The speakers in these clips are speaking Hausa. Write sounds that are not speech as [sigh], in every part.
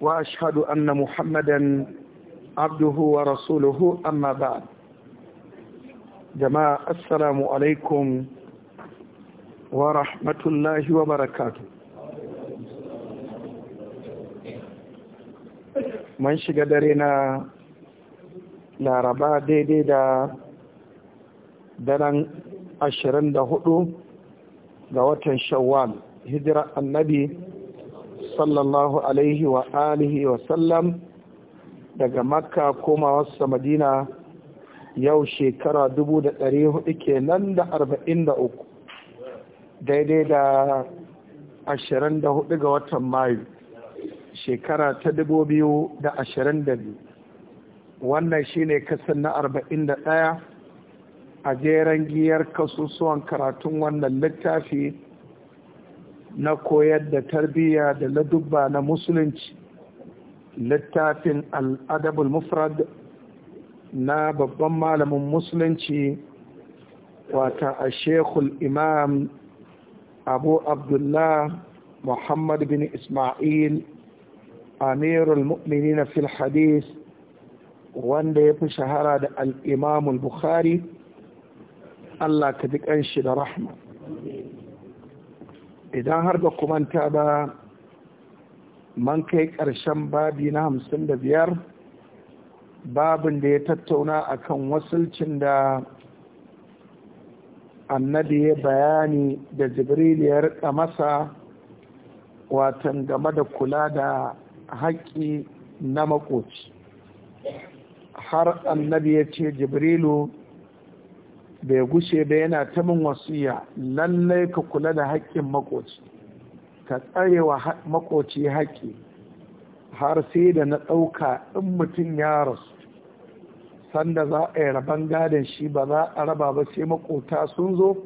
وأشهد أن محمدا عبده ورسوله أما بعد جماعة السلام عليكم ورحمة الله وبركاته من شقدرنا لا ربا دي دي دا daren 24 ga watan shawwal hijira annabi sallallahu alaihi wa alihi wa sallam daga makka wasu madina yau shekara dubu da dari hudu kenan da arba'in da uku daidai da ashirin da hudu ga watan mayu shekara ta dubu biyu da ashirin da biyu wannan shine kasan na arba'in da ɗaya a jeren giyar kasusuwan karatun wannan littafi na koyar da tarbiyya da ladubba na musulunci littafin al'adabul mufrad na babban malamin musulunci wata a shekul imam abu abdullah muhammad bin ismail amirul mu'mini na fil wanda ya fi shahara da al'imamul bukhari allah ka ji ƙanshi da rahma idan har ba kumanta ba man kai ƙarshen babi na hamsin da biyar babin da ya tattauna a kan wasulcin da annabi ya bayani da jibril ya rika masa watan game da kula da haƙƙi na makoci har annabi ya ce jibrilu bai gushe ba yana ta min wasiya lallai ka kula da haƙƙin makoci ka tsarewa makoci haƙƙi har sai da na ɗauka in mutum ya rasu sanda za a yi rabon gadon shi ba za a raba ba sai makota sun zo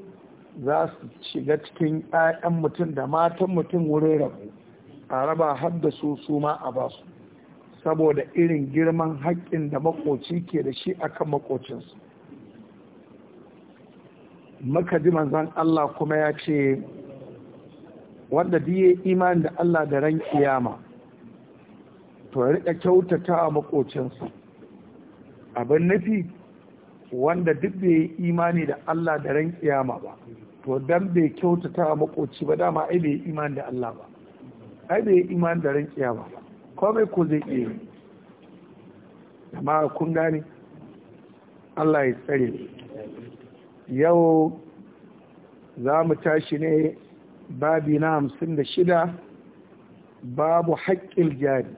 za su shiga cikin 'ya'yan mutum da matan mutum wurin rabu a raba har da su su ma a basu. saboda irin girman haƙƙin da makoci ke da shi akan makocinsu muka manzan Allah kuma ya ce wanda biye imani da Allah da ran kiyama to riƙa kyautata a makocinsa abin nafi wanda duk bai yi imani da Allah da ran kiyama ba to dan bai kyautata a makoci ba dama ai bai imani da Allah ba ai bai imani da ran kiyama ba komai ko zai iya yi amma kun gane Allah ya tsare yau za mu tashi ne babi na hamsin da shida babu haƙƙin jari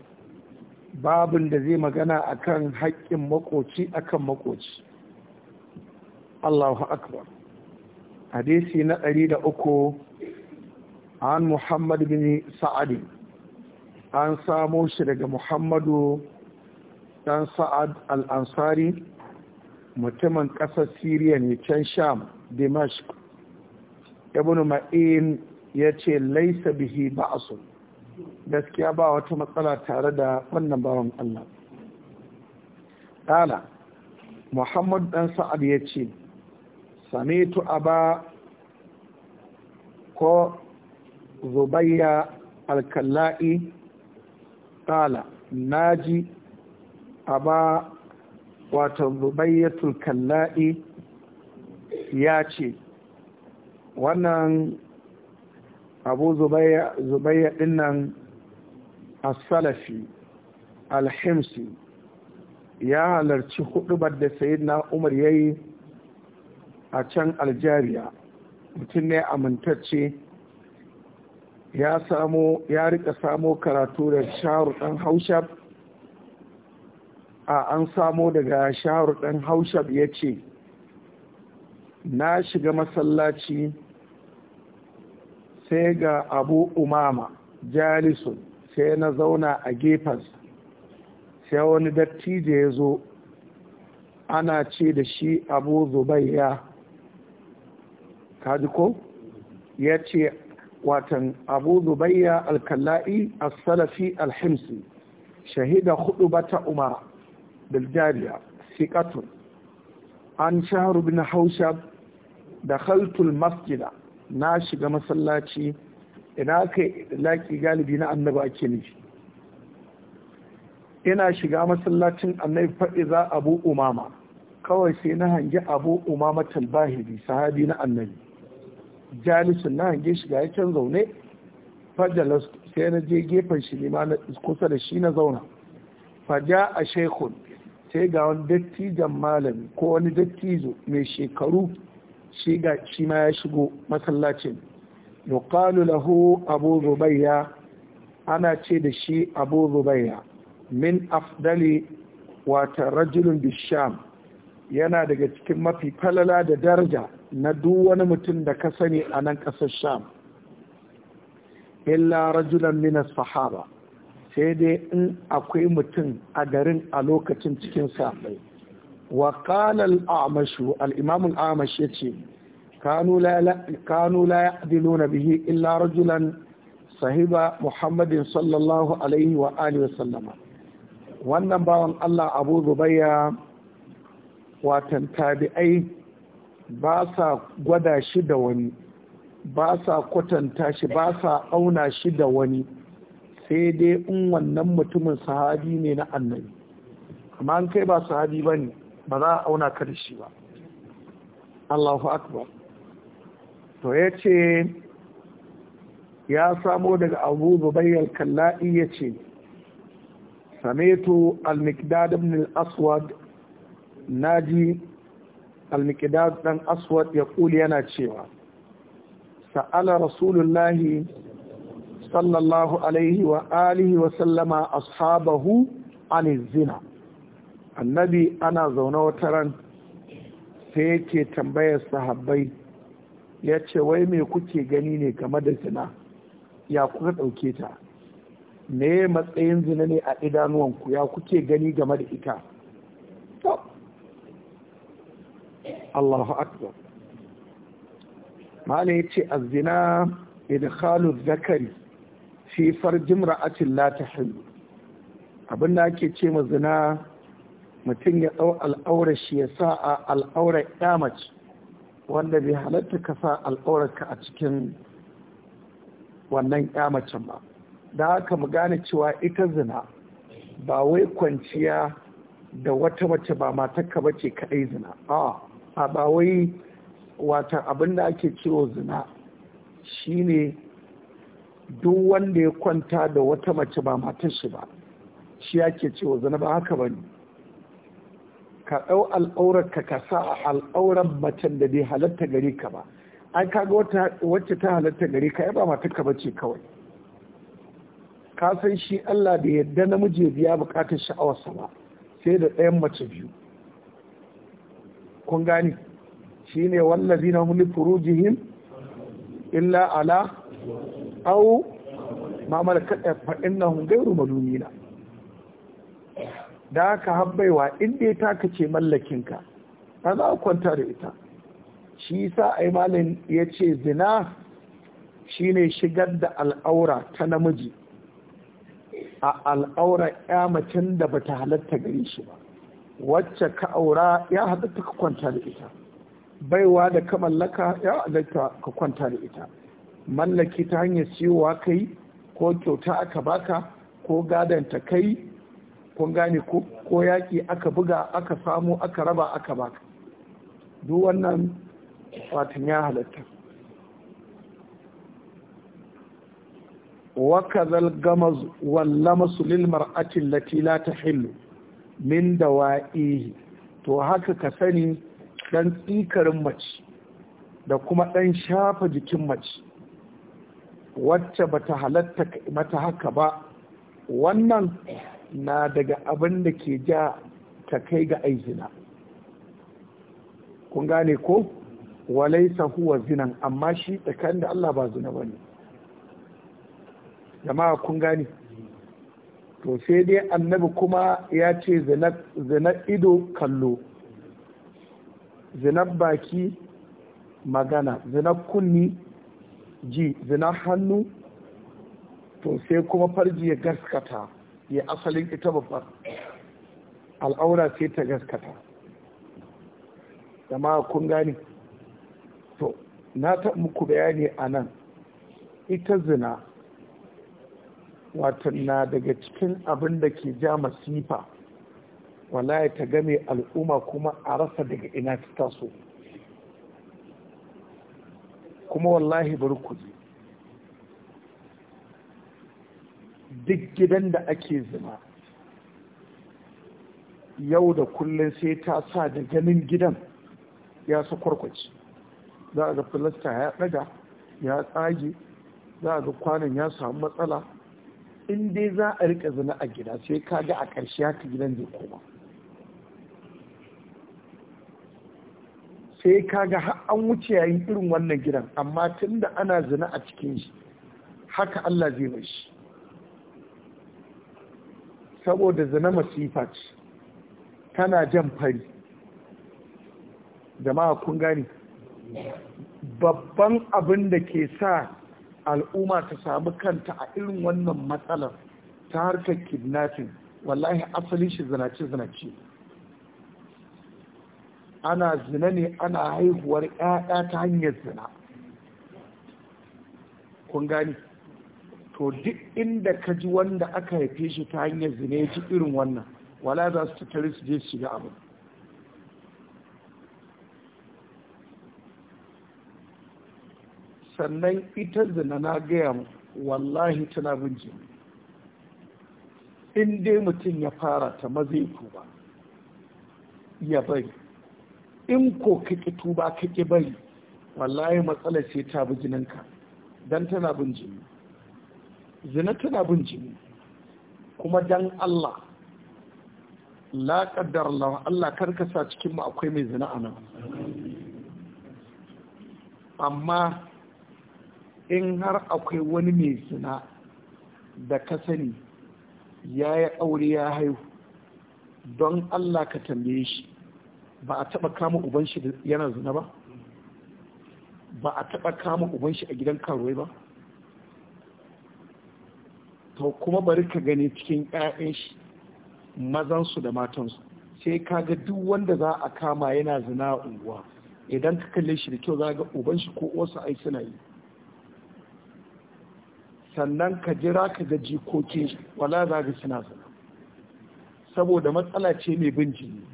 babin da zai magana a kan haƙƙin makoci akan makoci Allahu akbar hadisi na ɗari da uku an Muhammad bin Sa'adi an samo shi daga Muhammadu dan Sa'ad al-Ansari mutumin ƙasar siriya ne can sham Dimash ibn ma'in ya ce laisa bihi ba'asun gaskiya ba wata matsala tare da wannan bawan Allah ƙala muhammad ɗan sa'ad ya ce samitu aba ko zubayya alkalla'i ƙala naji aba wato rubayyatul kalla'i ya ce wannan abu zubayya dinnan asalafi alhimsi ya halarci hudubar da na umar ya yi a can aljariya mutum ne amintacce ya samo rika samo karatu da sharu dan haushab a an samo daga shahar ɗan haushab ya ce na shiga masallaci sai ga abu umama jalisun sai na zauna a gefas sai wani dattijo ya zo ana ce da shi abu zubaiya kaji ko ya ce watan abu zubaiya alkalla'i a salafi alhimsi shahida hudu bata umara بالجارية ثقة عن Hausha da حوشب Masjida na shiga masallaci ina ka laki galibi na annabi ake nufi ina shiga masallacin annabi faɗi za abu umama kawai sai na hangi abu umama talbahiri sahabi na annabi jalisun na hange shiga ya can zaune fajalas sai na je gefen shi ne na kusa da shi na zauna faja a shekun sai ga wani dattijan malami ko wani dattijo mai shekaru shi ma ya shigo masallacin yuqalu lahu abu zubayya ana ce da shi abu zubayya min afdali wata rajulun bisham yana daga cikin mafi falala da daraja na duk wani mutum da ka sani a nan ƙasar sham illa rajulan min sahaba sai dai in akwai mutum a garin a lokacin cikin sabai wa kanal amashu al-imam ya ce yace kanu la ya la bihi illa rajulan sahiba muhammadin sallallahu alaihi wa alihi sallama wannan bawan Allah Abu Zubayya watan tabi'ai ba sa gwada shi da wani ba sa kwatanta shi ba sa auna shi da wani sai dai in wannan mutumin sahabi ne na annabi amma an kai ba sahabi ba ne ba za a auna ka da shi ba Allahu akbar to ya ce ya samo daga abu zubayyar kalla'i ya ce sametu al-mikdad ibn al-aswad naji al-mikdad dan aswad ya kuli yana cewa sa'ala rasulullahi sallallahu alaihi wa alihi wa sallama ashabahu an zina annabi ana zaune wata ran sai yake tambayar sahabbai ya ce wai me kuke gani ne game da zina ya kuka ɗauke ta me matsayin zina ne a idanuwanku ya kuke gani game da ita Allahu akbar malai ya ce azina idkhalu zakari sifar farjin ra'atin ta tahillu abin da ake ce ma zina mutum ya ɗau al'aurar shi ya sa a al'aurar ɗamace wanda bai halatta ka sa al'aurarka a cikin wannan ƙyamacin ba da haka mu gane cewa ita zina ba wai kwanciya da wata mace ba matakka ba ce kaɗai zina a ba wai wata abin da ake ciwo zina shine duk wanda ya kwanta da wata mace ba matan shi ba shi yake cewa zana ba haka bane ka ɗau al'aurar ka ka sa a al'aurar mace da bai halatta gare ka ba ai kaga wacce ta halatta gare ka ba matan ka bace kawai ka san shi Allah da yadda namiji biya bukatar sha'awarsa ba sai da ɗayan mace biyu kun gani shine wallazina hum li furujihim illa ala Au! ma malakat fa innahum ghayru malumina da aka habbaiwa inda ta kace mallakinka ta za a kwanta da ita shi sa a malin ya ce zina shine shigar da al'aura ta namiji a al'aura ya macen da bata halarta halatta shi ba wacce ka aura ya halatta ka kwanta da ita baiwa da ka mallaka ya halarta ka kwanta da ita mallaki ta hanyar siyowa kai ko kyauta aka baka ko gadanta kai kun gane ko yaƙi aka buga aka samu aka raba aka baka duk wannan watan ya halatta وكذا lilmar atin للمرأة ta لا min da wa'ihi to haka ka sani dan tsikarin mace da kuma ɗan shafa jikin mace wacce bata halatta mata haka ba wannan na daga abin da ke ja ta kai ga aizina kun gane ko walaisa huwa zinan amma shi tsakanin da Allah ba zina ba ne jama'a kun gane to sai dai annabi kuma ya ce zina ido kallo zinar baki magana zinar kunni ji zina hannu to sai kuma farji ya gaskata ya asalin ita babbar al'aura sai ta gaskata jama'a kun gani to na taɓa muku bayani a nan ita zina wato na daga cikin abin da ke ja masifa wala ta game al'umma kuma a rasa daga ina ta taso kuma wallahi bari ku je duk gidan da ake zima yau da kullum sai ta sa da ganin gidan ya su kwarkwaci za a ga filasta ya ɗaga ya tsage za a ga kwanan ya samu matsala in dai za a rika zina a gida sai kaga a ƙarshe haka gidan zai koma sai kaga har an wuce yayin irin wannan gidan amma tunda ana zina a cikin shi haka Allah zai mai shi saboda zina masifa ce tana jan fari jama'a kun gani babban abin da ke sa al'umma ta samu kanta a irin wannan matsalar ta harkar kidnapping wallahi asalin shi zinace zinace ana zina ne ana haihuwar ƴaƴa ta hanyar zina kun gani to duk inda ka ji wanda aka haife shi ta hanyar zina ya ci irin wannan wala za su tattare su je shiga abu sannan ita zina na gaya mu wallahi tana bin jini in dai mutum ya fara ta mazaiku ba ya bari in ko ka tuba ka ƙi bari wallahi matsalar ce ta bi jininka dan tana bin jini zina tana bin jini kuma dan Allah la kaddar Allah Allah sa cikin mu akwai mai zina a nan amma in har akwai wani mai zina da ka sani ya yi aure ya haihu don Allah ka tambaye shi ba a taba kama uban shi yana zina ba ba a taba kama uban shi a gidan karuwai ba to kuma bari ka gani cikin ƴaƴan shi su da matan su. sai ka ga duk wanda za a kama yana zina a unguwa idan ka kalle shi da kyau za ga uban shi ko wasu ai suna yi sannan ka jira ka ga shi wala za ga suna zina saboda matsala ce mai bin jini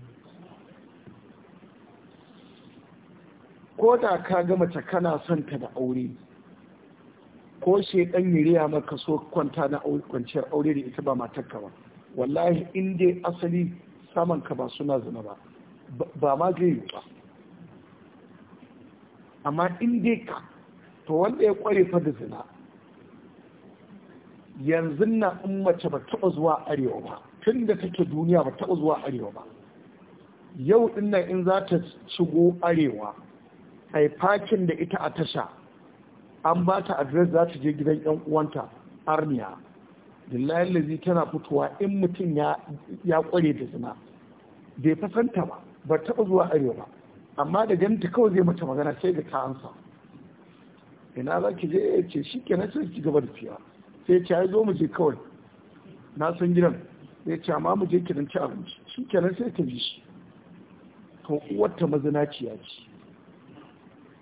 ko da ka ga mace kana son ta da aure ko dan yiriya maka so kwanta na aure kwanciyar aure da ita ba matarka ba wallahi in dai asali saman ka ba suna zina ba ba ma zai yi ba amma in dai ka to wanda ya kware fa da zina yanzu na in mace ba taɓa zuwa arewa ba tun da take duniya ba taɓa zuwa arewa ba yau dinnan in za ta shigo arewa a fakin da ita a tasha an ba ta adres za ta je gidan yan uwanta armiya lillahi lazi tana fitowa in mutum ya kware da zina bai fasanta ba ba taɓa zuwa arewa ba amma da ganta kawai zai mata magana sai ga ta ansa ina za ki je ya ce shi kenan sai ki gaba da fiya sai ce ya zo mu je kawai na san gidan Sai ce amma mu je kiran ci abinci shi kenan sai ta bi shi to uwarta mazinaciya ce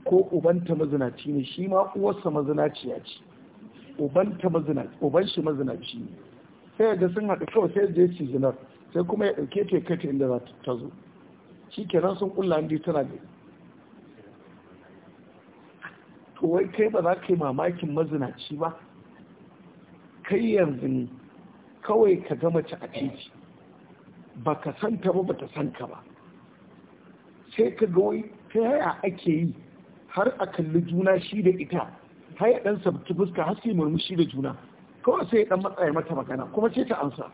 ko ubanta mazinaci ne shi ma uwarsa mazinaciya ce ubanta mazinaci uban shi mazinaci ne sai da sun haɗu kawai sai da ci zinar sai kuma ya ɗauke ta kai ta inda za ta zo shi kenan sun ƙulla ndi tana da to wai kai ba za ka yi mamakin mazinaci ba kai yanzu ne kawai ka ga mace a titi ba ka santa ba ba ta san ka ba sai ka ga wai ta yaya ake yi har a kalli juna shi da ita har ya dan sabta fuska har sai murmushi da juna kawai sai ya dan matsaya mata magana kuma ce ta amsa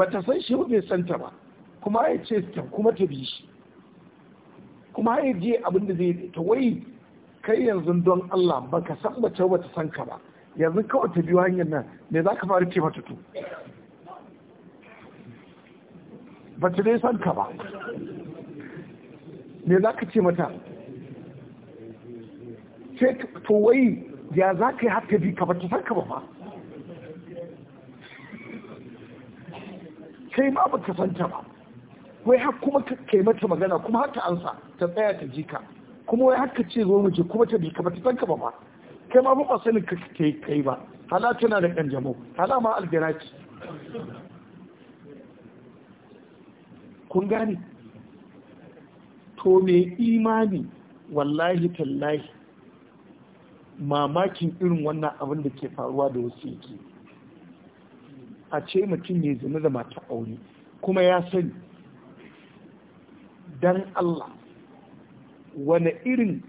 ba ta san shi bai san ta ba kuma ya ce ta kuma ta bi shi kuma ya je abin da zai ta wai kai yanzu don Allah ba ka san ba ta bata san ka ba yanzu kawai ta biyo hanyar nan me za ka fara ce mata to ba ta dai san ka ba me za ka ce mata sai to wai ya za ka yi har bi ka bata ta san ka ba fa kai ma ba ka san ta ba wai har kuma ka kai mata magana kuma har ta ansa ta tsaya ta ji ka kuma wai har ka ce zo muje kuma ta bi ka bata ta san ka ba kai ma ba sanin ka kai kai ba hala tana da kanjamo hala ma aljanaki kun gane to me imani wallahi tallahi mamakin irin wannan abin da ke faruwa da wasu yake a ce mutum ne zama da mata aure kuma ya sani dan Allah wane irin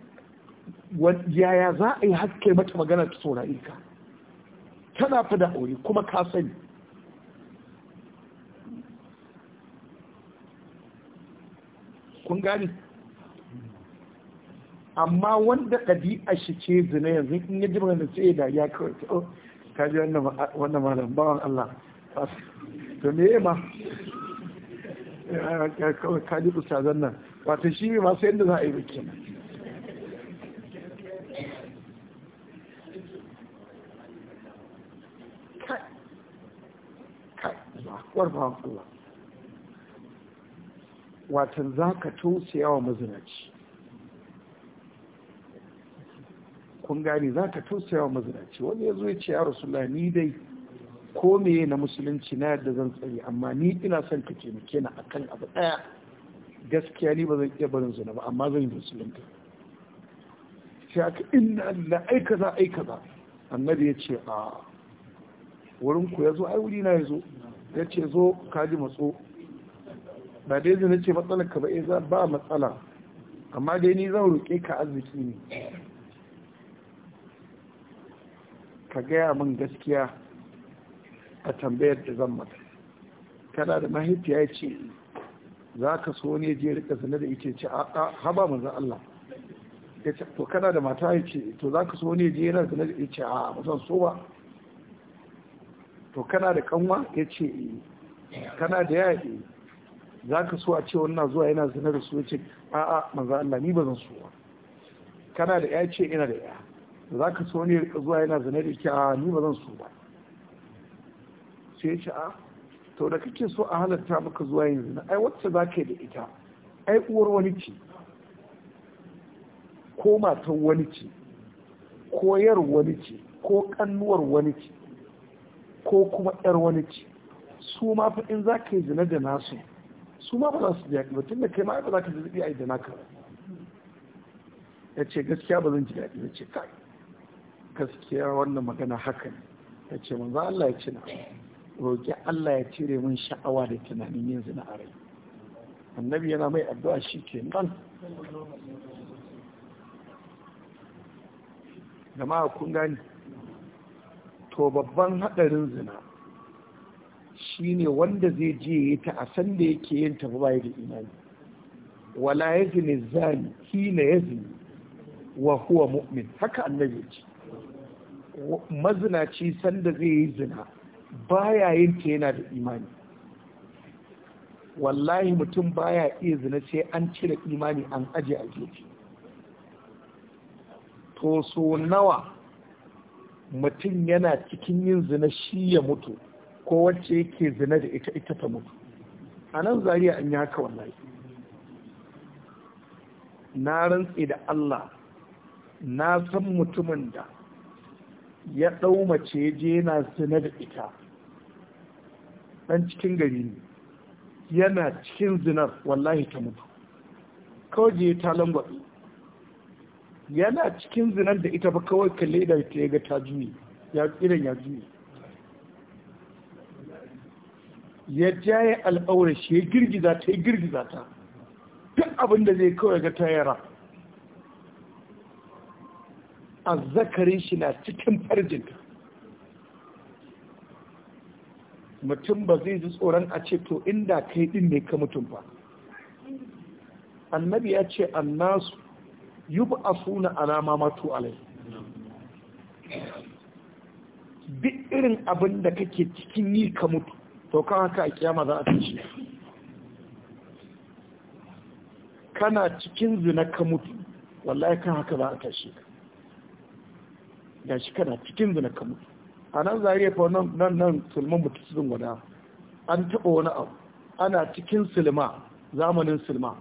yaya za a yi haske mata magana ta saurari ka tana fi da aure kuma ka sani kun gani amma wanda ɗabi'a shi ce zina yanzu in ya jima da sai da ya kawai ta oh, ka ji wannan malam bawan Allah to me ma ka ji ustazan nan wato shi ne masu yadda za a yi biki kai Allah watan za ka tusiya wa mazinaci kun gane za ka tausaya mazinaci wani ya zo ya ce ya rasulullah ni dai ko meye na musulunci na yadda zan tsari amma ni ina son ka muke na akan abu daya gaskiya ni ba zan iya barin zina ba amma zan yi musulunta sai aka inna la aika za aika za annabi ya ce a wurin ku ya zo ai wuri na ya zo ya ce zo ka ji matso ba dai zai ce matsalar ka ba eh ba matsala amma dai ni zan roƙe ka arziki ne ka gaya min gaskiya a tambayar da zan mata kana da mahaifiya ya ce za ka so ne je rika sanar da ita ce a haba manzan Allah ya ce to kana da mata ya ce to za ka so ne je yana sanar da ita ce a musan so ba to kana da kanwa ya ce eh. kana da yaya eh. za ka so a ce wannan zuwa yana sanar da su ya ce a a manzan Allah ni ba zan so ba kana da ya ce ina da ya za ka so ne rika zuwa yana zane da ke a ni ba zan so ba sai ya ce a to da kake so a halatta maka zuwa yanzu na ai wacce za ka yi da ita ai uwar wani ce ko matan wani ce ko yar wani ce ko kannuwar wani ce ko kuma yar wani ce su ma fa in za ka yi zina da nasu su ma ba za su jaɗi ba tun da kai ma ba za ka ji daɗi a yi da naka ya ce gaskiya ba zan ji daɗi ya ce kai gaskiya wannan magana haka ne ta ce manzo Allah ya ci na? roƙi Allah ya cire mun sha'awa da tunanin yin zina a rai annabi yana mai addu'a shi ke nan ma kun gani to babban haɗarin zina shine wanda zai je yi ta a san yake yin ta ba da imani wala ya zini zani hina ya zini wa huwa mu'min haka annabi ce mazinaci sanda zai yi zina baya yin ta yana da imani wallahi mutum baya iya zina sai an cire imani an aje a gefe to so nawa mutum yana cikin yin zina shi ya mutu ko wacce yake zina da ita ita ta mutu a nan zariya an yi haka wallahi na rantse da Allah na san mutumin da ya ɗau mace je na zina da ita ɗan cikin gari ne yana cikin zinar wallahi ta mutu kawai je ta langwaɗe yana cikin zinar da ita ba kawai kalle da ta ya ga ta juye ya tsirin ya juye ya jaye al'aurar shi ya girgiza ta ya girgiza ta duk abin da zai kawai ga tayara Azzakari shi na cikin farjinta mutum ba zai ji tsoron a ce to inda kai din ne ka mutum ba annabi ya ce annasu a suna alama matu alai duk irin abin da kake cikin yi ka mutu to kan haka a kiyama za a shi. kana cikin zina ka mutu wallahi kan haka za a tashi ka ga shi kana cikin zina ka mutu a nan zariya fa nan nan nan sulman mutu sun gwada an taɓa wani abu ana cikin sulma zamanin sulma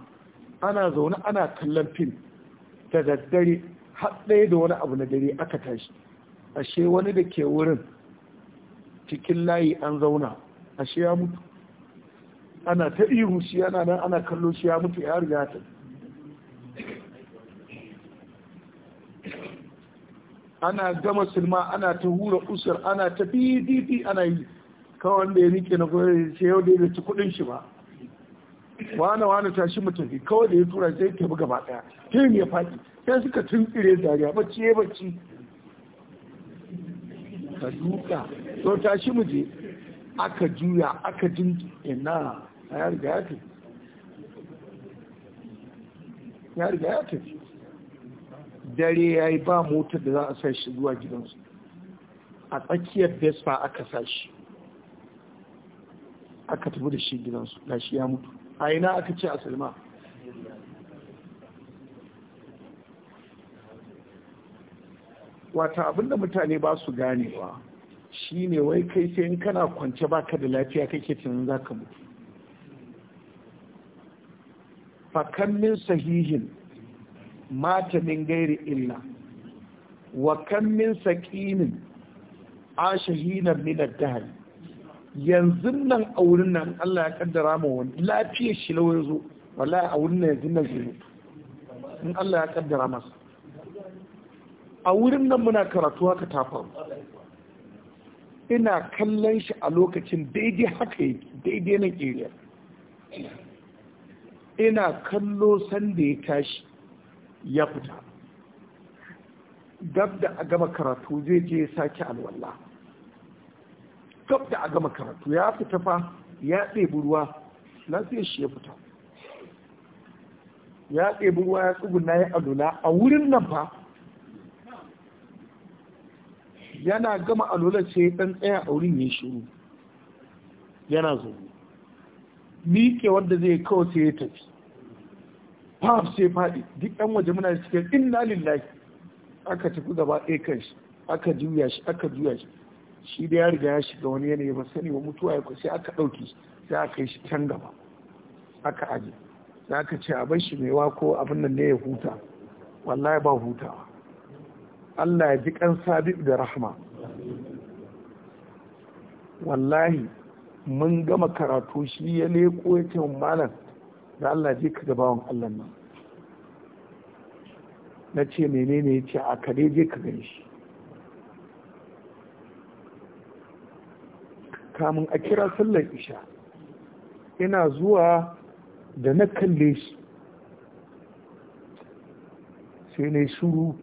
ana zaune ana kallon fim da daddare har ɗaya da wani abu na dare aka tashi ashe wani da ke wurin cikin layi an zauna ashe ya mutu ana ta ihu shi yana nan ana kallo shi ya mutu ya riga ta ana gama silma ana ta hura usur ana ta pdp ana yi kawai wanda ya rike na kudin sai yau da ya ci kudin shi ba wani wani shi mutum kawai da ya tura sai ke bi gaba daya tim ya faɗi sai suka tuntsire dariya bacci ya bacci ka duka to ta mu je aka juya aka jinki ina ya riga ya tafi ya riga ya tafi dare ya yi ba motar da za a sa shi zuwa gidansu a tsakiyar vespa aka sa shi aka tafi da shi gidansu da shi ya mutu a ina aka ce a salma wata abinda mutane ba su ganewa shi ne wai kai sai in kana kwance baka da lafiya kake tunanin za ka mutu fakannin sahihin mata min gairi illa wa kan min saqinin ashahina min ad-dahr yanzu nan a wurin nan Allah ya kaddara ma wani lafiya shi lawa zo wala a wurin nan yanzu nan zai in Allah ya kaddara masa a wurin nan muna karatu haka ta faru ina kallon shi a lokacin daidai haka yake daidai na ƙeriyar ina kallo sanda ya tashi ya fita gab da a gama karatu zai je ya sake alwala gab da a gama karatu ya fita fa ya ɗebi ruwa lafiyar shi ya fita ya ɗebi ruwa ya tsuguna ya alula a wurin nan fa yana gama alula ce ɗan tsaya a wurin ya shiru yana zo miƙe wanda zai kawo sai ya tafi fahim sai faɗi duk ɗan waje muna cikin inna lillahi aka tafi gaba ɗaya kan shi aka juya shi aka juya shi shi da ya riga ya shiga wani yanayi ba sani ba mutuwa ya sai aka ɗauki shi sai aka yi shi can gaba aka aje sai aka ce a shi mai wako abin nan ne ya huta wallahi ba hutawa Allah ya ji kan sabiq da rahma wallahi mun gama karatu shi ya leko ya ce malam da Allah je ka gabawan Allah nan na ce menene ya ce a kare je ka gani shi kamun a kira sallar isha ina zuwa da na kalle shi sai na yi shuru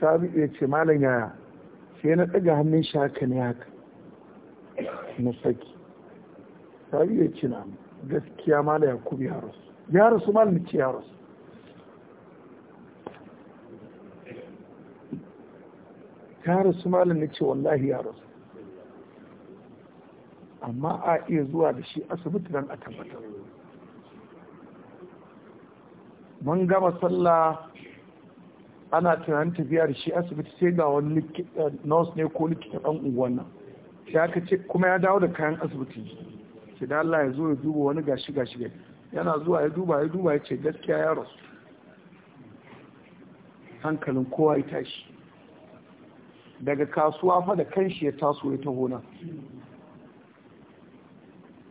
sabi ya ce malam yaya sai na ɗaga hannun shi haka ne haka na saki sabi ya ce na mu gaskiya mala yakub ya rasu ya rasu malam ce ya rasu ya rasu malam na ce wallahi ya rasu amma a iya zuwa da shi asibiti nan a tabbatar mun gama sallah ana tunanin tafiya da shi asibiti sai ga wani nurse ne ko likita ɗan unguwan nan ya kace ce kuma ya dawo da kayan asibiti ce da Allah ya zo ya duba wani gashi gashi gashi yana zuwa ya duba ya duba ya ce gaskiya ya rasu hankalin kowa ya tashi daga kasuwa fa da kanshi ya taso ya taho nan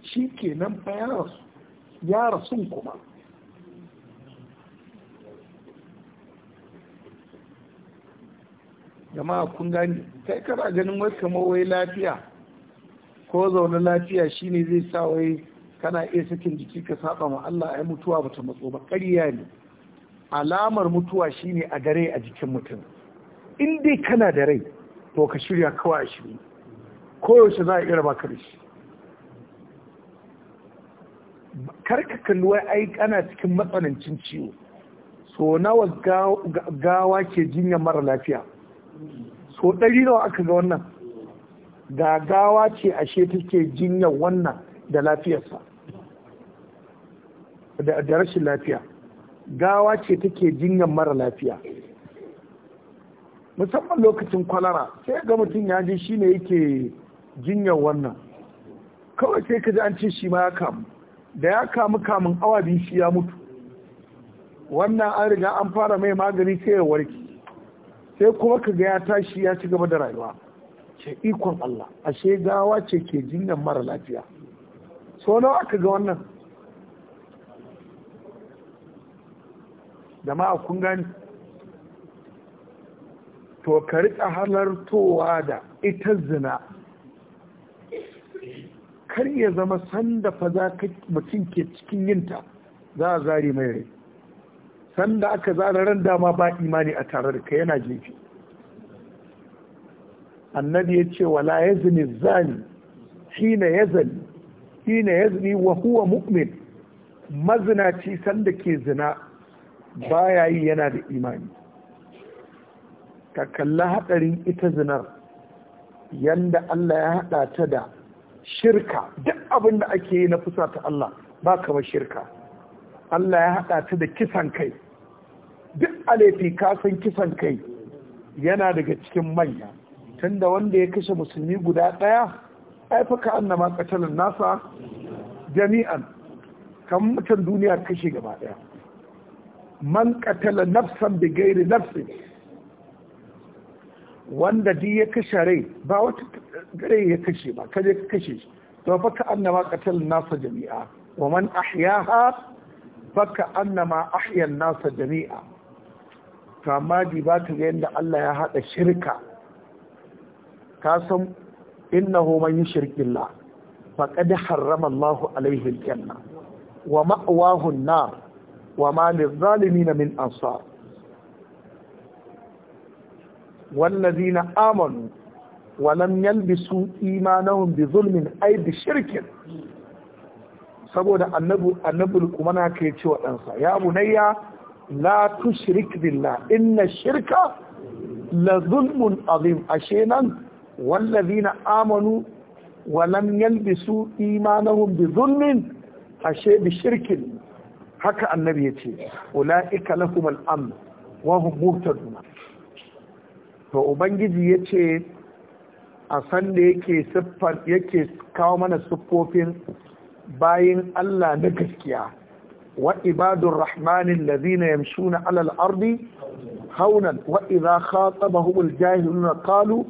shi ke nan fa ya rasu ya rasun kuma jama'a kun gani kai kana ganin wai kamar wai lafiya ko zaune lafiya shine zai sa wai kana iya sakin jiki ka saba ma Allah ai mutuwa bata matso ba ƙarya ne alamar mutuwa shine a dare a jikin mutum in dai kana da rai to ka shirya kawai a shiri koyaushe za a iya raba ka da shi karka kalli wai ai kana cikin matsanancin ciwo so nawa gawa ke jinya mara lafiya so ɗari nawa aka ga wannan gagawa ce ashe take jinyar wannan da lafiyarsa da rashin lafiya gawa ce take jinyar mara lafiya musamman lokacin kwalara sai ga mutum ya ji shi ne yake jinyar wannan kawai sai ka ji an ce shi ma ya kamu da ya kamu kamun awa biyu shi ya mutu wannan an riga an fara mai magani sai ya warke sai kuma ka ga ya tashi ya ci gaba da rayuwa ke ikon Allah ashe gawa ce ke jinyar mara lafiya so nawa aka ga wannan da ma kun gani to ka riƙa halartowa da ita zina kar ya zama sanda fa za ka mutum ke cikin yinta za a zari mai rai sanda aka zara ran dama ba imani a tare da ka yana jefi annabi ya ce wala ya zini zani shi ne ya shi ne ya yazni wa huwa mu'min mazinaci sanda ke zina Ba ya yi yana da imani ka kalla haɗarin ita zinar yanda Allah ya haɗa ta da shirka duk abin da ake yi na fusa ta Allah ba kamar shirka Allah ya haɗa ta da kisan kai duk alaifi kasan kisan kai yana daga cikin manya tunda wanda ya kashe musulmi guda ɗaya ai fa ka annama qatalan nasa jami'an kan mutan duniya kashe gaba ɗaya man qatala nafsan bi ghairi nafsin wanda duk ya kashe rai ba wata rai ya kashe ba kaje ka kashe shi to fa ka annama qatalan nasa jami'a wa man ahyaha fa ka annama ahya an-nasa jami'a kama di ba ta ga yadda Allah ya haɗa shirka ka san innahu man yushrik billah faqad harrama Allahu alayhi al-janna wa ma'wahu an-nar wa ma lil-zalimin min ansar والذين آمنوا ولم يلبسوا إيمانهم بظلم أي shirkin? saboda annabi annabul kuma na kai cewa ɗansa ya bunayya la tushrik billah inna shirka la zulmun azim ashe nan wallazina amanu wa lam yalbisu imanahum bi zulmin ashe bi shirkin haka annabi yace ulaika lahum al-amn wa hum muhtadun to ubangiji yace a san da yake siffar yake kawo mana siffofin bayin Allah na gaskiya wa ibadur rahmanin lazina yamshuna alal ardi haunan wa idza khatabahum al-jahiluna qalu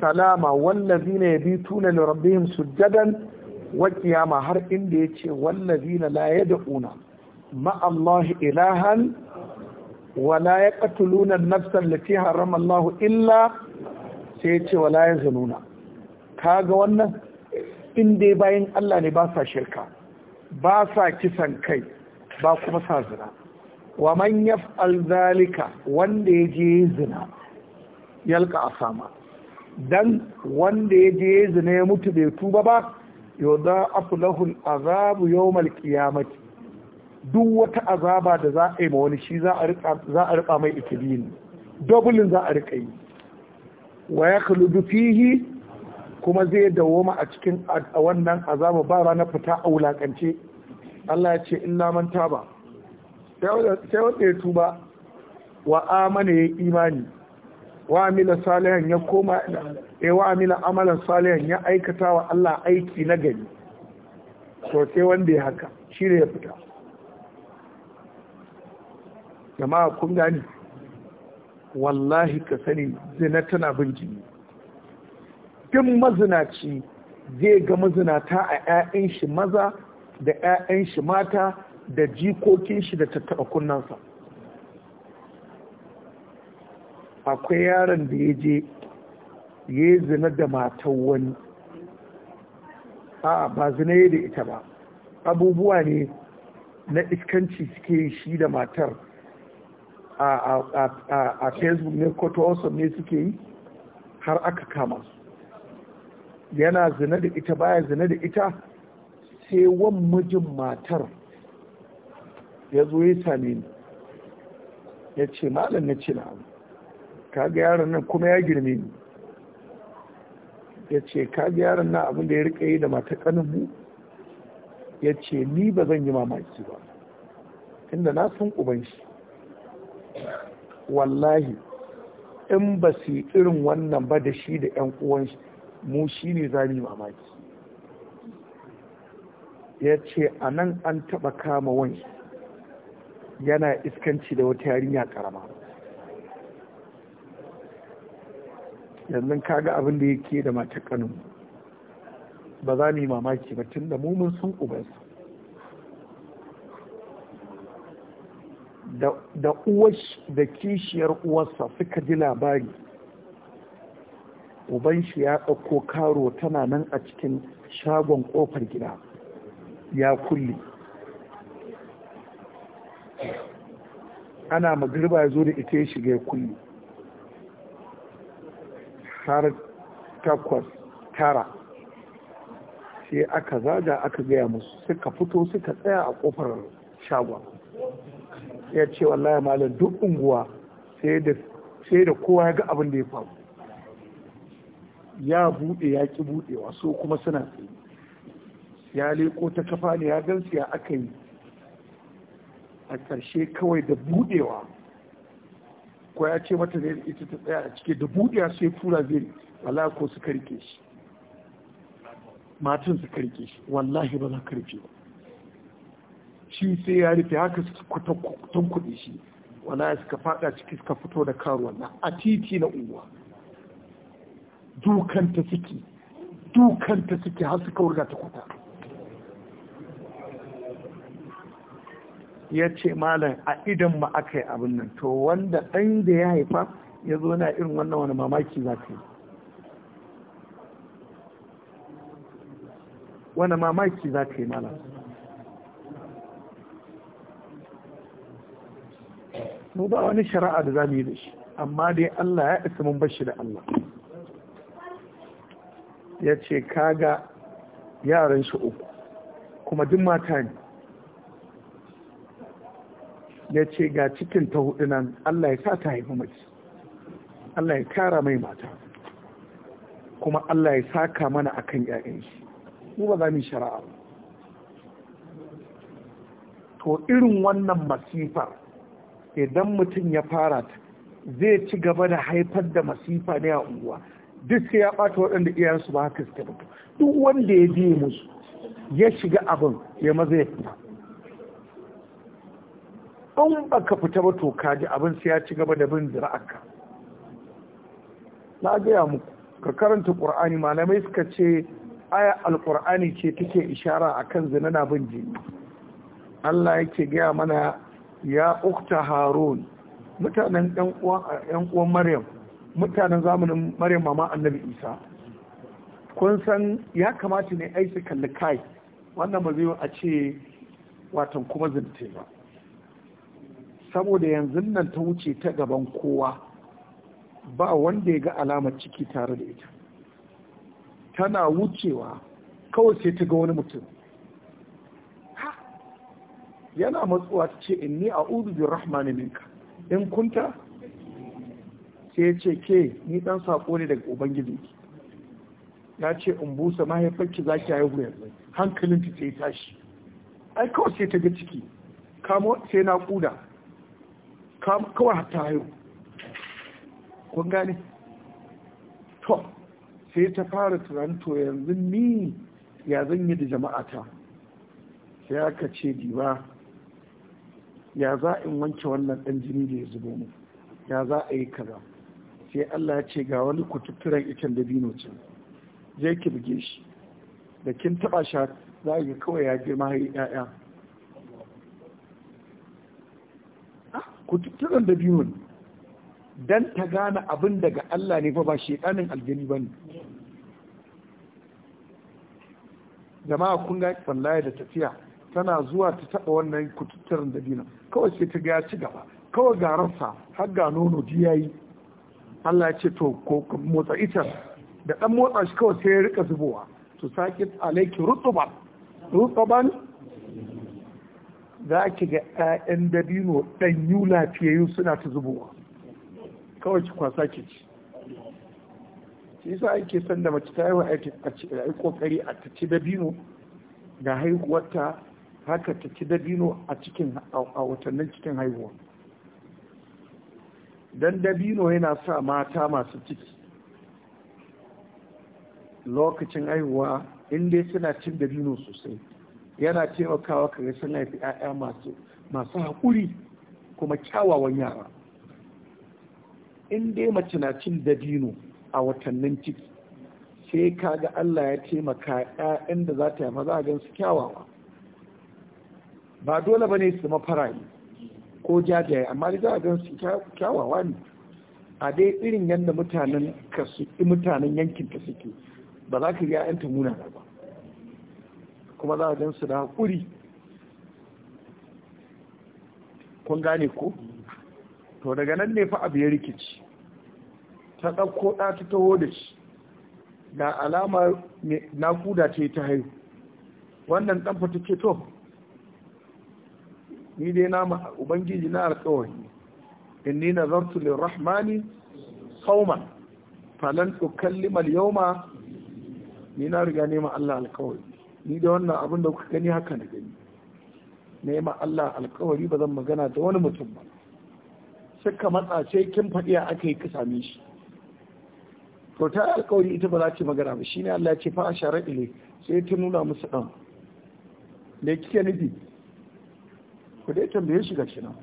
salama ya bi li rabbihim sujadan wa qiyama har inda yace na la yad'una ma Allah ilahan wala ya yaqtuluna an-nafsa allati harrama Allah illa sai yace ya la yazununa ga wannan in bayan Allah ne ba sa shirka ba sa kisan kai ba kuma sa zina wa man yaf'al wanda wanda je zina yalka sama. dan wanda ya je zina ya mutu bai tuba ba yadda afulahul azabu yau malkiyamati duk wata azaba da za a yi ma wani shi za a rika mai ikilini dobulin za a rika yi wa ya kalu fihi kuma zai dawoma a cikin wannan azaba ba rana fita a wulakance Allah ya ce ina manta ba. sai wanda ya tuba wa amana ya imani wa amila salihan ya koma eh wa amila amalan salihan ya aikata wa Allah aiki na gani to sai wanda ya haka shi ne ya fita jama'a kun gani wallahi ka sani zina tana bin jini duk mazinaci zai ga mazinata a 'ya'yan shi maza da 'ya'yan shi mata da jikokin shi da tattaɓa kunnansa. akwai yaron da ya je ya yi zina da matan wani a ba zina ya da ita ba abubuwa ne na iskanci suke shi da matar a facebook ne ko tawasan ne suke yi har aka kama su yana zina da ita baya zina da ita sai wan mijin matar ya zo ya same ni ya ce malam na ce na abu kaga yaron nan kuma ya girme ni ya ce kaga yaron nan abin da ya rika yi da mata kanubu ya ce ni ba zan yi mamaki ba inda na san uban shi wallahi in ba su irin wannan ba da shi da 'yan uwan shi mu shi ne za mu mamaki ya ce a nan an taɓa kama wani yana iskanci da wata yarinya ƙarama yanzu kaga abin da yake da mata kanin ba za mu yi mamaki ba tun da mumun sun ubansu da uwar da kishiyar uwarsa suka ji labari uban shi ya ɗauko karo tana nan a cikin shagon ƙofar gida ya kulle ana magirba ya zo da ita ya shiga ya kulle har takwas tara sai aka zaga aka gaya musu suka fito suka tsaya a kofar shagon ya ce wallahi malam duk unguwa sai da kowa ya ga abin da ya faru ya buɗe ya ki buɗewa so kuma suna tsaye ya leko ta kafa ne ya gan ya aka yi a ƙarshe kawai da buɗewa ko ya ce mata zai ita ta tsaya a cike da buɗiya sai tura zai wala ko su karke shi matan su karke shi wallahi ba za karfe ba shi sai ya rufe haka su kwatan kuɗi shi wala suka faɗa ciki suka fito da karuwa. na a titi na unguwa dukanta suke dukanta suke har suka wurga ta kwata ya ce malam a idan ma aka yi abin nan to wanda ɗan da ya haifa ya zo na irin wannan wani mamaki za ka yi wani mamaki za ka yi malam mu ba wani shari'a da za mu yi da shi amma dai Allah ya isa mun bashi da Allah ya ce kaga yaran shi uku kuma duk mata ne ya ce ga cikin ta hudu nan Allah ya sa ta haifi mace Allah ya kara mai mata kuma Allah ya saka mana akan ƴaƴan shi mu ba za mu shari'a to irin wannan masifa idan mutum ya fara ta zai ci gaba da haifar da masifa ne a unguwa duk sai ya bata waɗanda iyayensu ba haka suke ba duk wanda ya je musu ya shiga abin ya maza ya fita in baka fita ba to ka ji abin sai ya ci gaba da bin zira'aka na gaya muku ka karanta ƙur'ani malamai suka ce aya alƙur'ani ce take ishara akan zina na bin jini Allah yake gaya mana ya ukta harun mutanen yan uwan maryam mutanen zamanin maryam mama annabi isa kun san ya kamata ne ai su kalli kai wannan ba zai a ce watan kuma zinte ba saboda yanzu nan ta wuce ta gaban kowa ba wanda ya ga alamar ciki tare da ita tana wucewa kawai sai ta ga wani mutum yana matsuwa ta ce inni a uzubin rahmani minka in kunta sai ce ke ni dan sako ne daga ubangiji ya ce in busa mahaifarki za ki haihu yanzu ta sai tashi ai kawai sai ta ga ciki kamo sai na kuda kawai hatta haihu kun gane to sai ta fara turanto yanzu ni ya zan yi da jama'ata sai aka ce diwa ya za in wanke wannan ɗan jini da ya zubo mu ya za a yi kaza sai Allah ya ce ga wani kututturen itan da bino ce je ki buge shi da kin taba sha za a yi kawai ya girma ya 'ya'ya ku tuttuɗan da biyun don ta gane abin daga Allah ne fa ba sheƙanin aljani ba ne jama'a kun ga sallaya da tafiya tana zuwa ta taɓa wannan kututturan da biyun kawai sai ta ga ci gaba kawai garasa har ga nono ji ya yi Allah ya ce to ko motsa ita da ɗan motsa shi kawai sai ya rika zubowa to saƙi alaiki rutuban rutuban za ki ga 'ya'yan dabino ɗan ɗanyu lafiyayyu suna ta zubowa kawai ki kwasa ki ci shi sa ake san da mace ta yi wa a kokari a ta ci dabino ga haihuwarta haka ta ci dabino a cikin a watannin cikin haihuwa don dabino yana sa mata masu ciki lokacin haihuwa inda suna cin dabino sosai yana taimakawa ka rashin laifi 'ya'ya masu masu haƙuri kuma kyawawan yara in dai mace na cin dabino a watannin ciki sai ka ga Allah ya taimaka 'ya'yan da za ta yi maza gan su kyawawa ba dole ba ne su zama ko jajaye amma da za a gan su kyawawa ne a dai irin yadda mutanen yankinta suke ba za ka ga 'ya'yanta munana ba kuma za a gan su da haƙuri kun gane ko to daga nan ne fa abu ya rikici ta ɗauko ɗa ta taho da shi da alama kuda ce ta haihu wannan ɗan fata ce to ni dai na ubangiji na alƙawari inni nazartu lirrahmani sauman falan ukallima al-yawma ni na riga nema Allah alƙawari ni da wannan abin da kuka gani haka na gani na yi Allah alkawari ba zan magana da wani mutum ba suka matsa ce kin faɗi a aka yi ka shi to ta alkawari ita ba za ta magana ba shine Allah ya ce fa a share ile sai ta nuna musu ɗan me kike nufi ku dai tambaye shi ga nan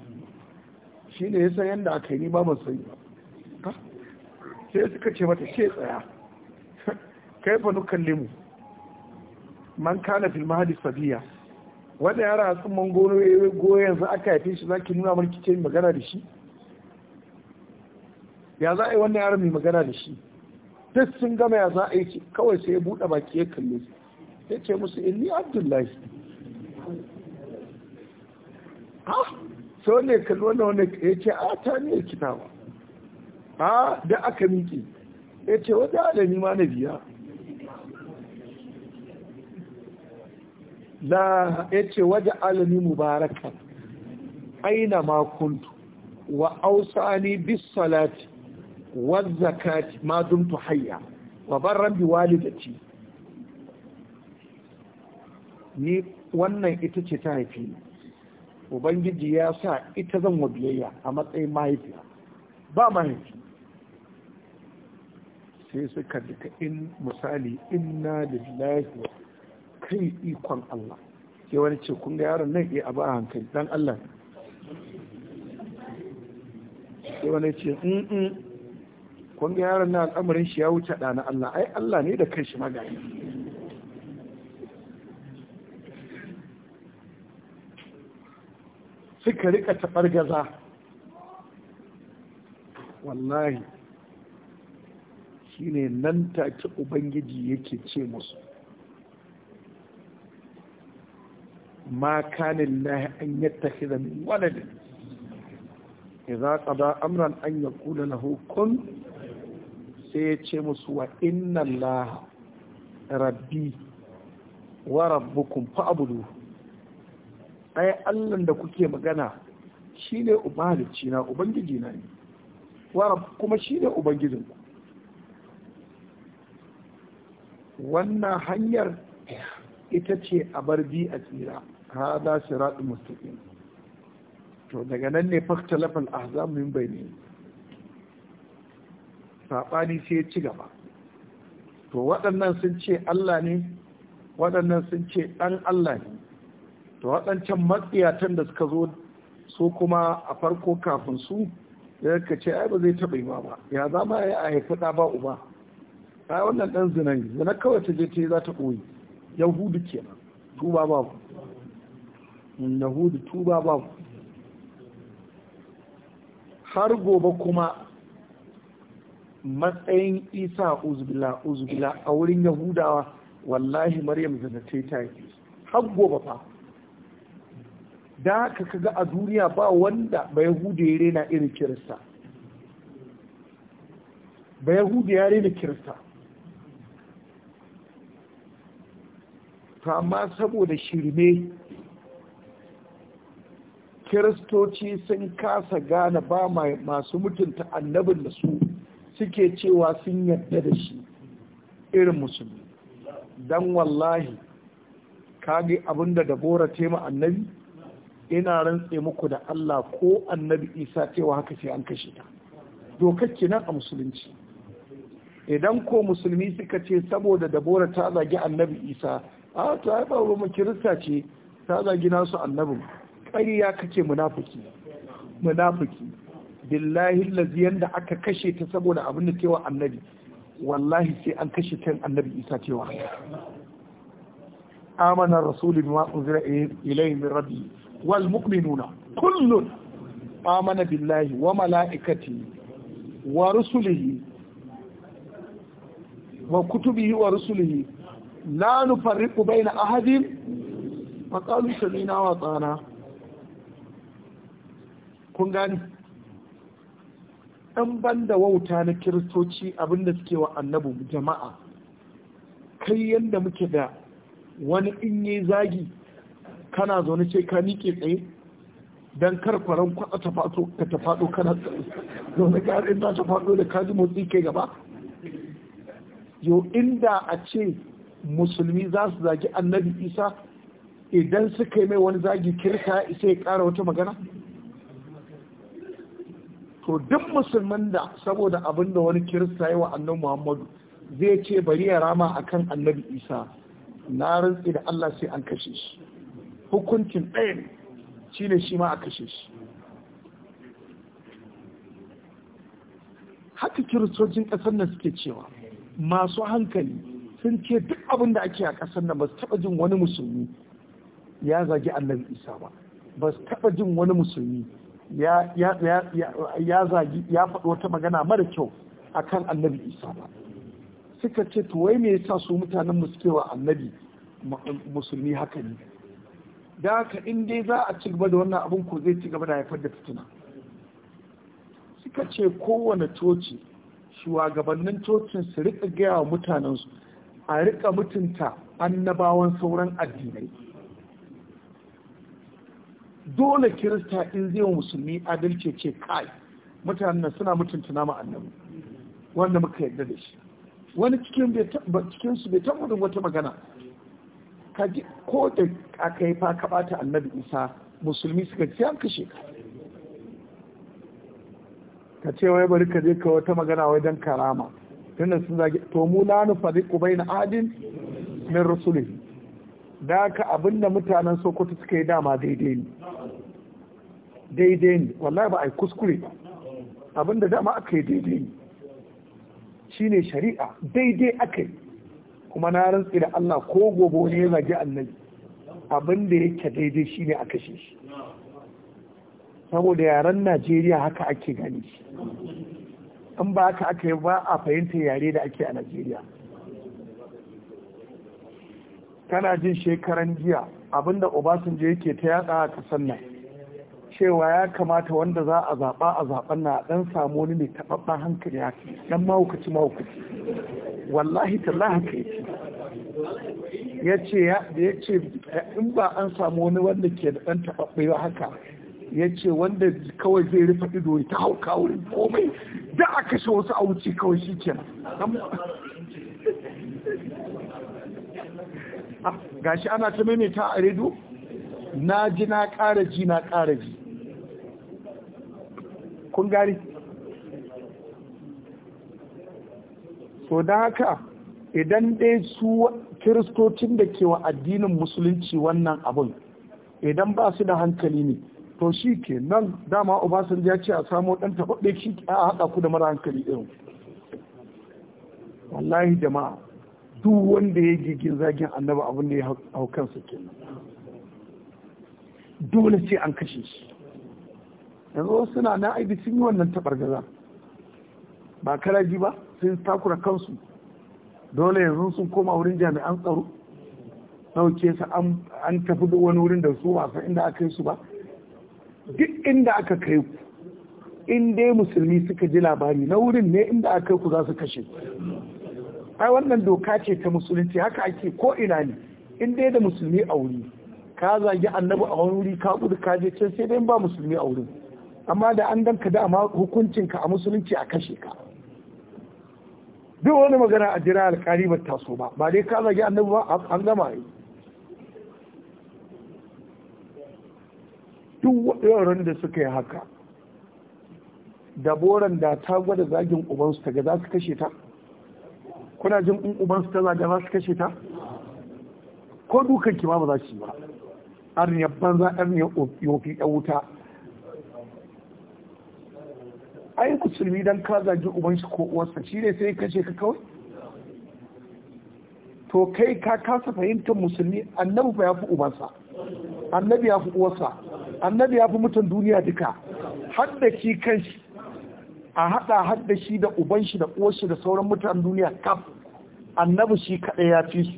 shi ne ya san yadda aka yi ni ba mu sani ba sai suka ce mata ke tsaya [laughs] kai fa nukan limu man kana fil mahadi sabiya wanda yara sun man gono goyen yanzu aka haife shi zaki nuna mana kike magana da shi ya za a yi wannan yaron mai magana da shi duk sun gama ya za a yi kawai sai ya buɗe baki ya kalle su ya ce musu inni abdullahi ha sai wanda ya kalli wannan wanda ya ce a ta ne kitawa. ha da aka miƙe ya ce wata alami ma na biya na yace waje alani mubaraka aina ma kuntu wa ausani bis salati waz zakati ma dumtu hayya wa barran bi walidati ni wannan ita ce ta haifi ni ubangiji ya sa ita zan wa biyayya a matsayin mahaifiya ba mahaifi sai suka duka in misali inna lillahi wa kai ikon Allah ke wani ce kun ga yaron nan eh abu a hankali dan Allah ke wani ce in kun ga yaron nan al'amarin shi ya wuce na Allah ai Allah ne da kai shi magani suka rika taɓar gaza wallahi shine nan take ubangiji yake ce musu ma kana lillahi an yattakhidha min waladin idza qada amran an yaqula lahu kun sai ya ce musu wa inna allaha rabbi wa rabbukum fa'budu ai allan da kuke magana shine ubalici na ubangiji na ne wa kuma shine ubangijinku wannan hanyar ita ce a bar bi a tsira su siratul mustaqim to daga nan ne a zamun bai ne. Saɓani sai ya ci gaba to waɗannan sun ce Allah ne waɗannan sun ce ɗan Allah ne to waɗancan matsiyatan da suka zo su kuma a farko kafin su ya ka ce ai ba zai taɓa yi ba ya za ma ya haifi ɗa ba uba ai wannan ɗan zinan zina kawai ta je ta yi za ta ɓoye yahudu kenan tuba babu yahudu tuba babu har gobe kuma matsayin isa uzbila uzbila a wurin yahudawa wallahi maryam ce ta yi har gobe fa da ka kaga a duniya ba wanda ba yahudu ya rena irin kirista ba yahudu ya rena kirista to amma saboda shirme kiristoci sun kasa gane ba masu mutunta annabin da su suke cewa sun yarda da shi irin musulmi don wallahi kage abinda da bora tema annabi ina rantse muku da Allah ko annabi isa cewa haka sai an kashe ta ki nan a musulunci idan ko musulmi suka ce saboda dabora ta zagi annabi isa a to ai ba mu kirista ce ta zagi nasu annabin ya kake munafiki munafiki billahi lazi yanda aka kashe ta saboda abin da cewa annabi wallahi sai an kashe kan annabi isa cewa amana rasulu bima unzila ilayhi min rabbi wal mu'minuna kullun amana billahi wa malaikati wa rusulihi wa kutubihi wa rusulihi Na la nufarriqu baina ahadin wa qalu sami'na wa ata'na kun gani ɗan banda wauta na kiristoci abinda suke wa annabu jama'a kai yadda muke da wani in yi zagi kana zaune ce ka nike tsaye don karfaran kwatsa ta fato ka ta zaune ka in ta fato da kaji motsi gaba yau inda a ce musulmi za su zagi annabi isa idan suka yi mai wani zagi kirka isa ya kara wata magana to duk musulman da saboda abin da wani kirista yi wa annan muhammadu zai ce bari ya rama akan annabi isa na rantsi da allah sai an kashe shi hukuncin ɗaya ne shi ne shi ma a kashe shi haka kiristocin ƙasar nan suke cewa masu hankali sun ce duk abin da ake a ƙasar nan ba su taɓa jin wani musulmi ya zagi annabi isa ba ba su taɓa jin wani musulmi ya zagi ya faɗi wata magana mara kyau akan annabi isa ba suka ce to wai me yasa su mutanen mu suke wa annabi musulmi haka ne da haka in dai za a ci gaba da wannan abin ko zai ci gaba da haifar da fitina suka ce kowane coci shugabannin cocin su riƙa gaya wa mutanensu a riƙa mutunta annabawan sauran addinai dole kirista in zai wa musulmi adalci ce kai mutanen suna mutunta nama annabi wanda muka yarda da shi wani cikin su bai tabbatar wata magana ko da aka yi fa bata annabi isa musulmi suka ci an kashe ka ka ce wai bari ka je ka wata magana wai don karama tunda sun zage to mu la bai na adin min rusulih da ka abinda mutanen Sokoto suka yi dama daidai ne daidai ne wallahi ba a yi kuskure ba abinda dama aka yi daidai ne shine shari'a daidai aka yi kuma na rantsi da Allah ko gobe ne ya zage annabi abinda yake daidai shine aka shi saboda yaren Najeriya haka ake gani shi in ba ka aka yi ba a fahimta yare da ake a najeriya kana jin shekaran jiya abinda obasanjo yake ta yatsa a kasan nan cewa ya kamata wanda za a zaɓa a zaɓen na ɗan samu wani mai taɓaɓɓen hankali haka ɗan mahaukaci mahaukaci wallahi ya haka ya ce ya ce in ba an samu wani wanda ke da ɗan taɓaɓɓe haka ya ce wanda kawai zai rufe ido ya ta hauka wurin komai da a kashe wasu a wuce kawai shi ke gashi ana ta maimaita a redo na ji na ƙara ji na ƙara ji kun gari so da haka idan dai su kiristocin da ke wa addinin musulunci wannan abin idan ba su da hankali ne to shi ke nan dama obasanjo ya ce a samo ɗan taɓaɓɓe shi a haɗa ku da mara hankali irin wallahi jama'a duk wanda ya gigin zagin annaba abin da ya hau kansa kenan dole ce an kashe shi yanzu suna na aiki sun yi wannan gaza. ba karaji ba sun takura kansu dole yanzu sun koma wurin jami'an tsaro ɗauke su an tafi wani wurin da su wasan inda aka yi su ba duk inda aka kai ku in dai musulmi suka ji labari na wurin ne inda aka kai ku za su kashe ai wannan doka ce ta musulunci haka ake ko ina ne in dai da musulmi a wuri ka zagi annabi a wani wuri ka gudu ka je can sai dai ba musulmi a wurin amma da an danka da amma ka a musulunci a kashe ka duk wani magana a jira alkali ba taso ba ba dai ka zagi annabi ba an gama yi duk yawon da suka yi haka da da ta gwada zagin ubansu ta ga za su kashe ta kuna jin in ubansu ta zaga za su kashe ta ko dukan ki ma ba za yi ba za banza arniyar yofi ya wuta ai kusurmi don ka zagi ubansu ko uwarsa shi ne sai kashe ka kawai to kai ka kasa fahimtar musulmi annabi ba ya fi ubansa annabi ya fi uwarsa annabi ya fi mutan duniya duka hadda shi kanshi a hada hadda shi da uban shi da uwar shi da sauran mutan duniya kaf annabi shi kaɗai ya fi su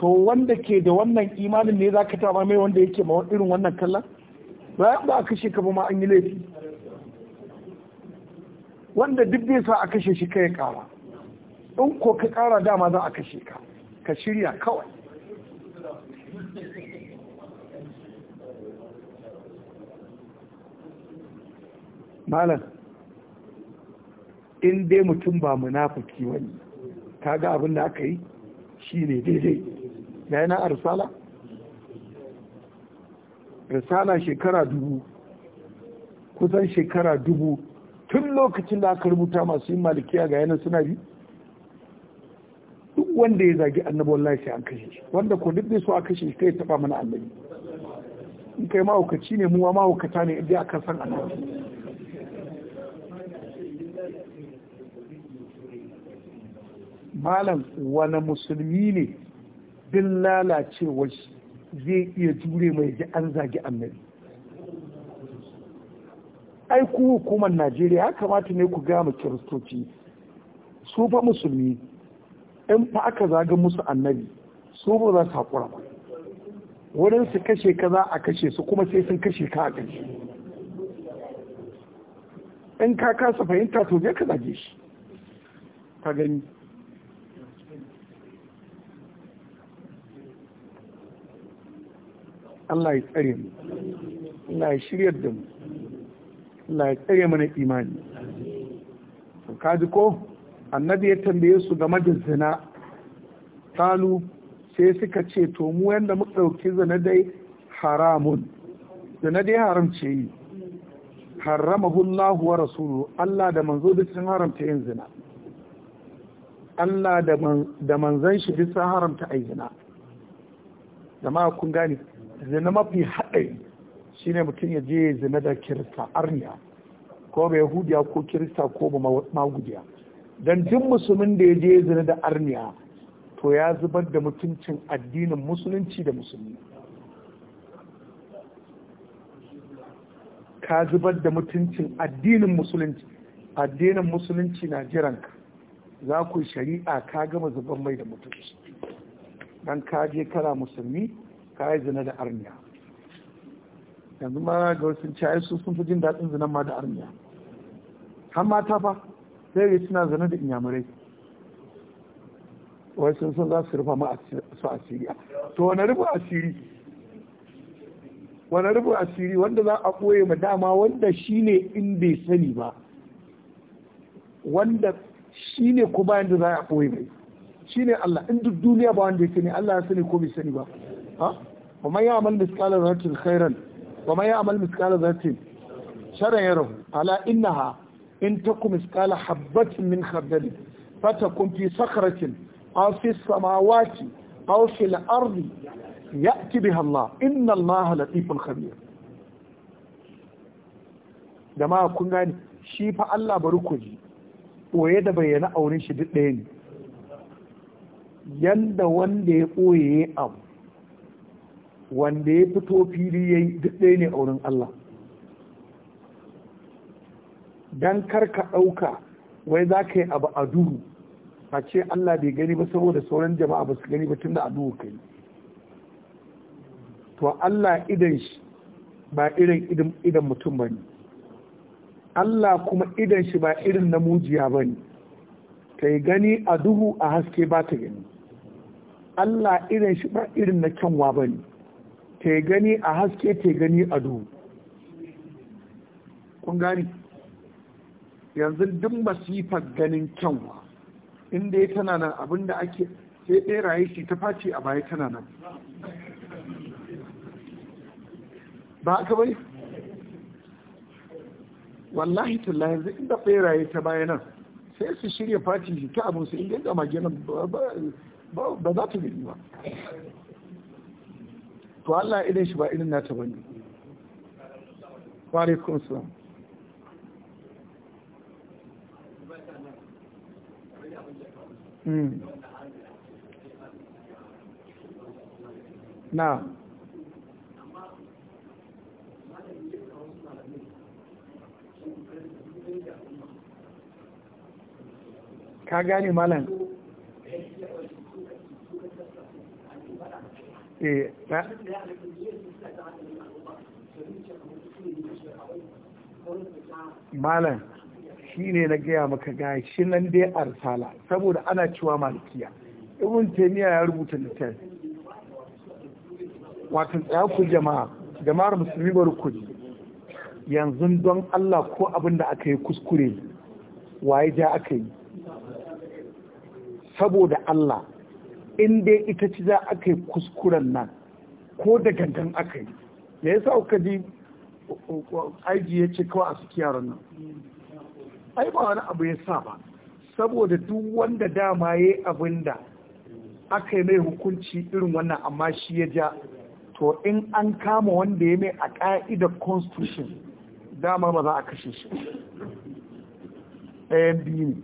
to wanda ke da wannan imanin ne za ka taba mai wanda yake ma irin wannan kallon bayan ba a kashe ka ba ma an yi laifi wanda duk bai sa a kashe shi kai kara in ko ka kara dama za a kashe ka ka shirya kawai malam in dai mutum ba munafiki wani kaga abin da aka yi shi ne daidai ya yana a risala risala shekara dubu kusan shekara dubu tun lokacin da aka rubuta masu yin malikiya ga yana suna bi duk wanda ya zagi annabi wallahi sai an kashe shi wanda ko duk so a kashe shi kai taba mana annabi in kai mahaukaci ne mu mahaukata ne inda aka san annabi malam wani musulmi ne bin lalacewa shi zai iya jure mai ji an zagi annabi ai ku hukumar najeriya ya kamata ne ku gama kiristoci su fa musulmi in fa aka zaga musu annabi su ba za su haƙura ba wurin su kashe ka za a kashe su kuma sai sun kashe ka a kashe in ka kasa fahimta to je ka zage shi ka gani Allah ya tsare mu Allah ya shiryar da mu Allah ya tsare mana imani to kaji ko annabi ya tambaye su game da zina kalu sai suka ce to mu yanda muka dauki zina dai haramun zina dai haram ce yi haramahu Allah wa rasulu Allah da manzo da sun haramta yin zina Allah da manzan shi duk sun haramta ayyana zina jama'a kun gane zina mafi haɗari shine mutum ya je zina da kirista arniya ko ba yahudiya ko kirista ko ba magudiya don duk musulmin da ya je zina da arniya to ya zubar da mutuncin addinin musulunci da musulmi ka zubar da mutuncin addinin musulunci addinin musulunci na jiranka za ku shari'a ka gama zuban mai da mutunci don ka je kana musulmi ka yi zina da arniya yanzu ma ga wasu ci su sun fi jin daɗin zinan ma da arniya har mata fa sai ga suna zina da inyamurai wai sun sun za su rufa ma su asiri to wani rufa asiri wani rufa asiri wanda za a ɓoye ma dama wanda shi ne in bai sani ba wanda shi ne bayan da za a ɓoye mai shi ne Allah in duk duniya ba wanda ya sani Allah ya sani ko bai sani ba ha wa man ya'mal mithqala dharratin khairan wa man ya'mal mithqala dharratin sharran yarahu ala innaha in taku mithqala habatin min khardal fatakun fi sakhratin aw fi samawati aw fi al-ardi ya'ti biha Allah inna Allah kun gane shi fa Allah bari ku ji da bayyana auren shi duk ɗaya ne yanda wanda ya ɓoye abu wanda ya fito fili ya yi duk ɗaya ne a wurin Allah don karka ɗauka wai za ka yi abu a duhu a ce Allah bai gani ba saboda sauran jama'a ba su gani ba tun da a duhu kai to Allah idan shi ba irin idan mutum ba ne Allah kuma idan shi ba irin na mujiya ba ne ta yi gani a duhu a haske ba ta gani Allah irin shi ba irin na kyanwa ba ne te gani a haske te gani a duhu kun gani yanzu duk masifar ganin kyanwa inda ya tana nan abinda ake sai ɓeraye shi ta face a baya tana nan ba aka bai wallahi tulla yanzu inda ɓeraye ta baya nan sai su shirya face shi ta abinsu inda ya gama gina ba za ta gani ba to Allah irin shi ba irin nata bane wa alaikum salam hmm. na ka gane malam Eh, malam shi ne na gaya maka gaya shi nan dai arsala saboda ana cewa malikiya ibn taimiya ya rubuta littafi wato tsaya ku jama'a jama'ar musulmi bari ku yanzu don Allah ko abin da aka yi kuskure waye ja aka yi saboda Allah in dai ita ci za a kai kuskuren nan ko da gangan aka yi me yasa kuka ji aiki ya ce kawai a suke yaron nan ai ba wani abu ya sa ba saboda duk wanda dama ya yi abin da aka yi mai hukunci irin wannan amma shi ya ja to in an kama wanda ya mai a ƙa'idar constitution dama ba za a kashe shi ɗayan biyu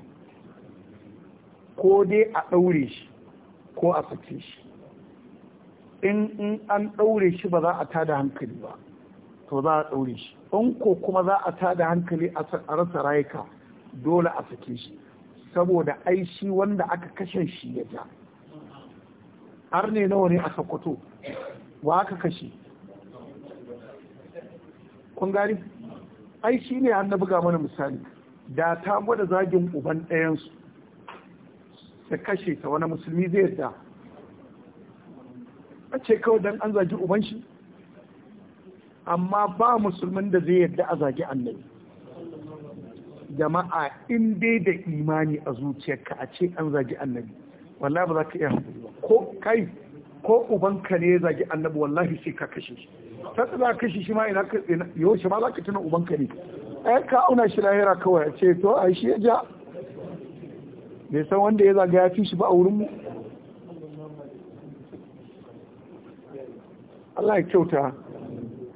ko dai a ɗaure shi ko a sake shi in an ɗaure shi ba za a tada hankali ba to za a ɗaure shi in ko kuma za a tada hankali a rasa rayuka dole a sake shi saboda ai shi wanda aka kashe shi ya ja har ne nawa ne a sokoto wa aka kashe kun gari ai shi ne an na buga mana misali da ta gwada zagin uban ɗayansu ta kashe ta wani musulmi zai yarda a ce kawai don an zagi uban shi amma ba musulmin da zai yarda a zagi annabi jama'a in dai da imani a zuciyarka a ce an zagi annabi wallahi ba za ka iya ba ko kai ko ubanka ne ya zagi annabi wallahi sai ka kashe shi ta za ka kashe shi ma ina ka yau shi ma za ka tuna ubanka ne ai ka auna shi lahira kawai a ce to ai shi ya ja bai san wanda ya zaga ya fi shi ba a wurinmu Allah ya kyauta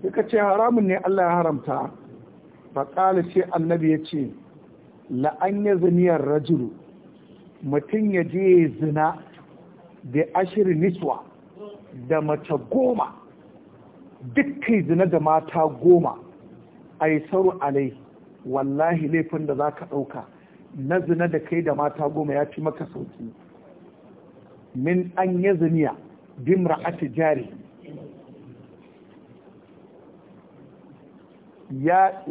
suka ce haramun ne Allah ya haramta ƙala ce annabi ya ce la'an ya ziniyar rajulu mutum ya je zina da ashirin niswa da mace goma dukkan zina da mata goma a yi sauru alai wallahi laifin da za ka ɗauka na zina da kai da mata goma ya fi maka sauki min an ya zuniya dimra a jari ya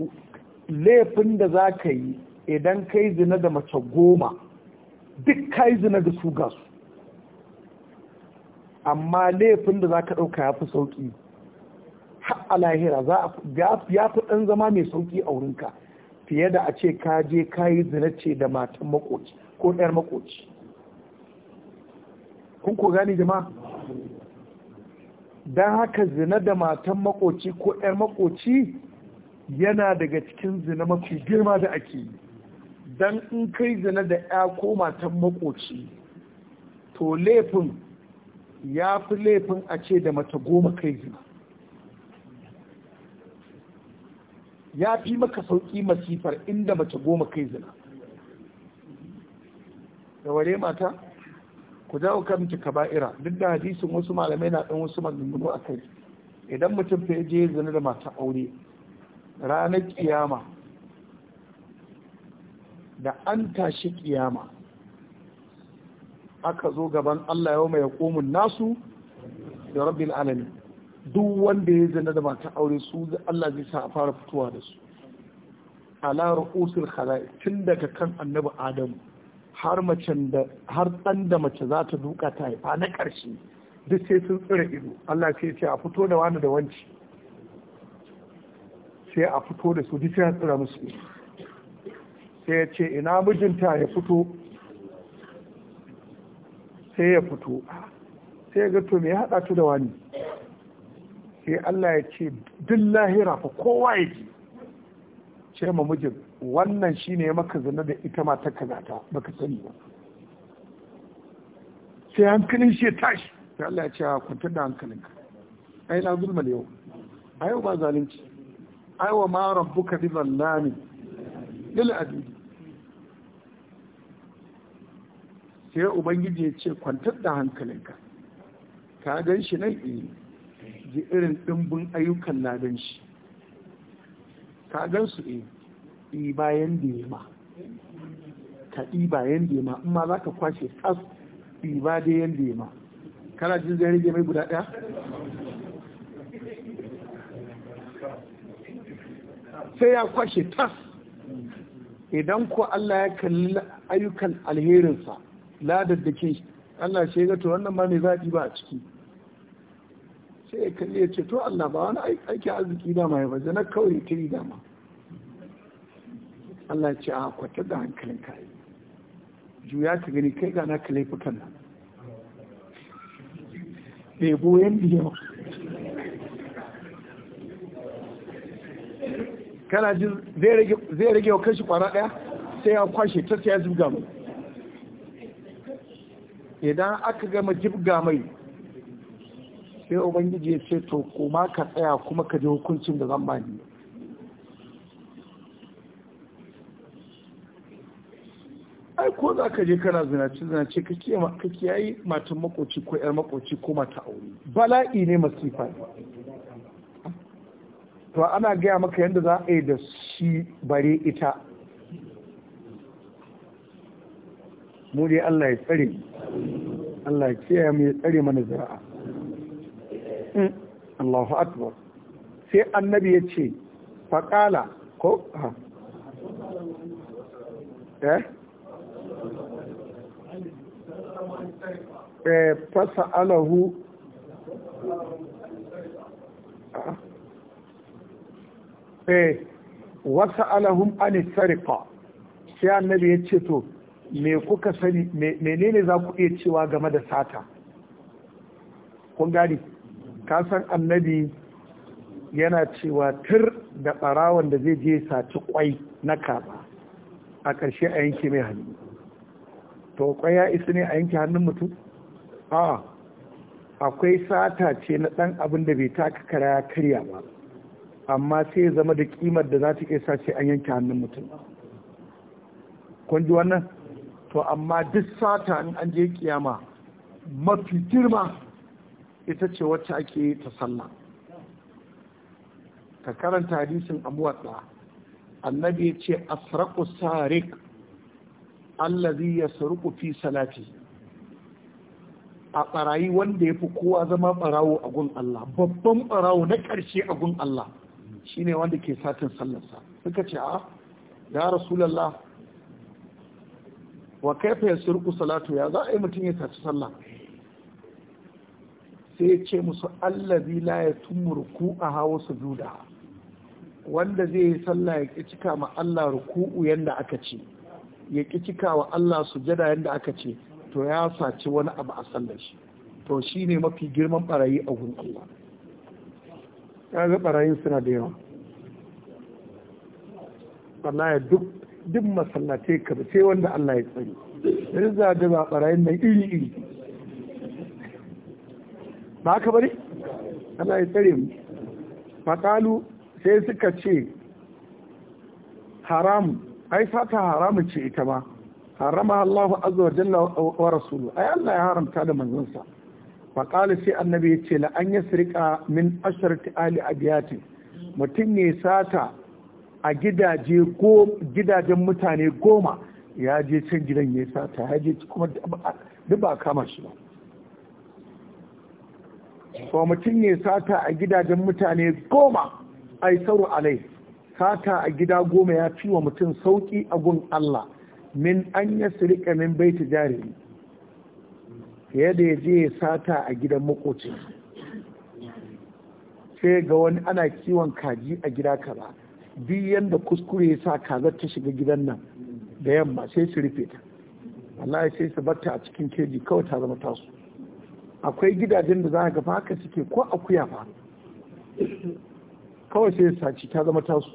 laifin da za ka yi idan kai zina da mace goma duk kai zina da su gasu amma laifin da za ka ɗauka ya fi sauƙi har a lahira ya fi ɗan zama mai sauƙi a wurinka fiye da a ce ka je ka yi zinace da matan makoci ko ɗayar makoci kun ko gani jama'a don haka zina da matan makoci ko ɗayar makoci yana daga cikin zina mafi girma da ake yi don in kai zina da ya ko matan makoci to laifin ya fi laifin a ce da mata goma kai zina ya fi maka sauƙi masifar inda mace goma kai zina da ware mata ku dawo kan ka ba'ira duk da hadisin wasu malamai na ɗan wasu maganganu a kai idan mutum fa je zina da mata aure ranar kiyama da an tashi kiyama aka zo gaban Allah yau mai komun nasu da rabbil alamin duk wanda ya zana da matan aure su Allah zai sa a fara fitowa da su ala ru'usul khala'i tun daga kan annabi adamu har macen da har dan da mace za ta duka ta haifa na ƙarshe duk sai sun tsira ido Allah sai ce a fito da wani da wanci sai a fito da su duk sai tsira musu sai ya ce ina mijinta ya fito sai ya fito sai ya ga to me ya haɗa ta da wani sai Allah ya ce duk lahira fa kowa ya ji ce ma mijin wannan shine ne maka zina da ita ma ta zata baka sani ba sai hankalin shi ya tashi sai Allah ya ce a kwantar da hankalinka ai na zulma da yau a yau ba zalunci ai wa ma rabbuka bi zallami lil abidi sai ubangiji ya ce kwantar da hankalinka ka gan shi nan eh da irin ɗimbin ayyukan ladan shi ka gan su e eh, bayan da ya ma ka bayan da ya ma in ma za ka kwashe tsas ɗiba dai da ya ma kana jin zai rage mai guda ɗaya sai ya kwashe tas idan ko Allah ya kalli ayyukan alherinsa ke Allah shi ga to wannan ma ne za a ɗiba a ciki sai ya kalli ya ce to Allah ba wani aiki arziki dama ya baje na kawai ta yi dama Allah ce a kwatar da hankalin kayi juya ta gani kai gana ka laifukan nan ɗebo yan biyu kana jin zai rage wa kashi kwara ɗaya sai ya kwashe ta sai ya zubga mai idan aka gama jibga mai sai ubangiji ya ce to kuma ka tsaya kuma ka ji hukuncin da zan bani ai ko za ka je kana zinace zinace ka kiyaye matan makoci ko yar makoci ko mata aure bala'i ne masifa ne to ana gaya maka yadda za a yi da shi bare ita mu dai Allah ya tsare Allah ya kiyaye mu ya tsare mana zira'a Mm. Allahu akbar sai annabi ya ce faƙala ko ha eh eh fasa alahu ah. eh wasa alahum an sarika sai annabi ya ce to me kuka sani menene za ku iya cewa game da sata kun gani kasan annabi yana cewa tur da ɓarawon da zai je saci kwai na kaba a ƙarshe a yanke mai hannu to kwai ya isa ne a yanke hannun mutum a akwai sata ce na ɗan abin da bai taka kara karya ba amma sai ya zama da ƙimar da za ta iya sace an yanke hannun mutum kun ji wannan to amma duk sata in an je kiyama mafi girma ita ce wacce ake ta sallah ka karanta hadisin abuwa annabi ya ce asraku sarik allazi ya saruku fi salati a barayi wanda ya fi kowa zama barawo a gun Allah babban barawo na ƙarshe a gun Allah shine wanda ke satin sallarsa suka ce a ya rasulallah wa kaifa ya surku salatu ya za a yi mutum ya saci sallah sai ya ce musu allazi la ya tumurku a hawa sujuda wanda zai yi sallah ya ƙi cika ma Allah ruku'u yanda aka ce ya ƙi cika wa Allah sujada yanda aka ce to ya saci wani abu a sallar shi to shine mafi girman barayi a gun Allah Ya ga barayin suna da yawa wallahi duk duk masallatai ka sai wanda Allah ya tsari rizza da ba barayin nan iri iri ba haka bari? ana ya tsare mu sai suka ce haram ai fata haram ce ita ma harama Allahu azza wa jalla wa rasulu ai Allah ya haramta da manzonsa faqala sai annabi ya ce la an yasrika min asharati ali abiyati mutum ne sata a gidaje ko gidajen mutane goma ya je can gidan ya sata ya kuma duk ba kama shi ba wa mutum ne sata a gidajen mutane goma ai sauru alai sata a gida goma ya fi wa mutum sauki a gun Allah min an ya sirika min bai tijari fiye da ya je ya sata a gidan makoci sai ga wani ana kiwon kaji a gida kaza biyu yadda kuskure ya sa kazar ta shiga gidan nan da yamma sai su rufe ta ya sai su batta a cikin keji kawai ta zama tasu akwai gidajen da za a fa haka suke ko akuya fa kawai sai saci ta zama tasu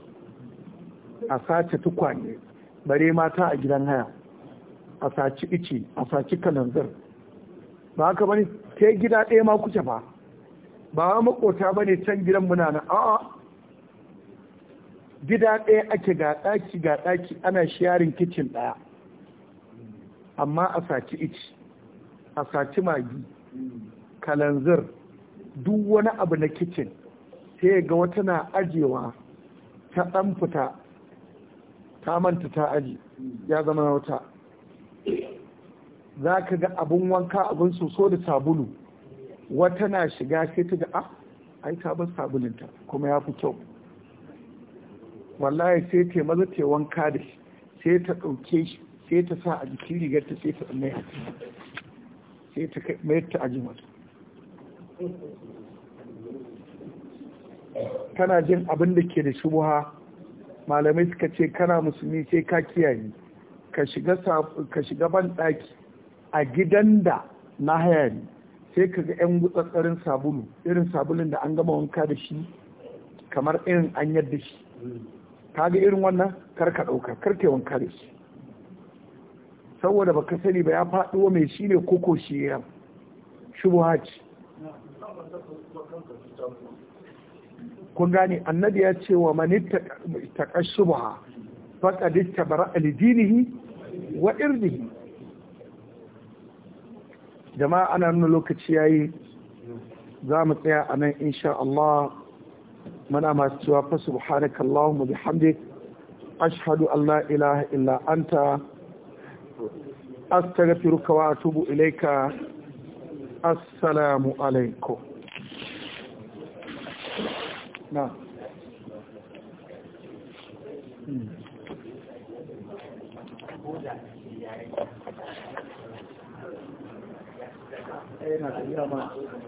a sace tukwane bare mata a gidan haya a saci ice a saci kalanzir ba haka bane sai gida ɗaya ma kuke fa ba wa makota bane can gidan muna na a'a gida ɗaya ake ga ɗaki ga ɗaki ana sharing kicin ɗaya amma a saci ice a saci magi kalanzir duk wani abu na kicin sai ga wata na ajewa ta ɗan fita ta manta ta aji ya zama wata za ka ga abin wanka abin soso da sabulu wata na shiga sai ta ga ah ai ta bar sabulinta kuma ya fi kyau wallahi sai ta maza ta wanka da shi sai ta ɗauke shi sai ta sa a jikin ta, sai ta tsanne sai ta kana jin abin da ke da shubuha malamai suka ce kana musulmi sai ka kiyaye ka shiga ban ɗaki a gidan da na haya sai ka ga 'yan tsarin sabulu irin sabulun da an gama wanka da shi kamar irin an yadda shi ka ga irin wannan karka ɗauka karka wanka da shi saboda baka sani ba ya faɗo mai shi ne koko shi ya shubuha kun gane annabi ya ce wa mani taƙa shubuha faƙaɗi bara alidinihi wa irdihi jama'a ana nuna lokaci ya yi za mu tsaya a nan insha Allah mana masu cewa fa subhanakallahumma bihamdik ashhadu an la ilaha illa anta astaghfiruka wa atubu ilaika assalamu alaikum na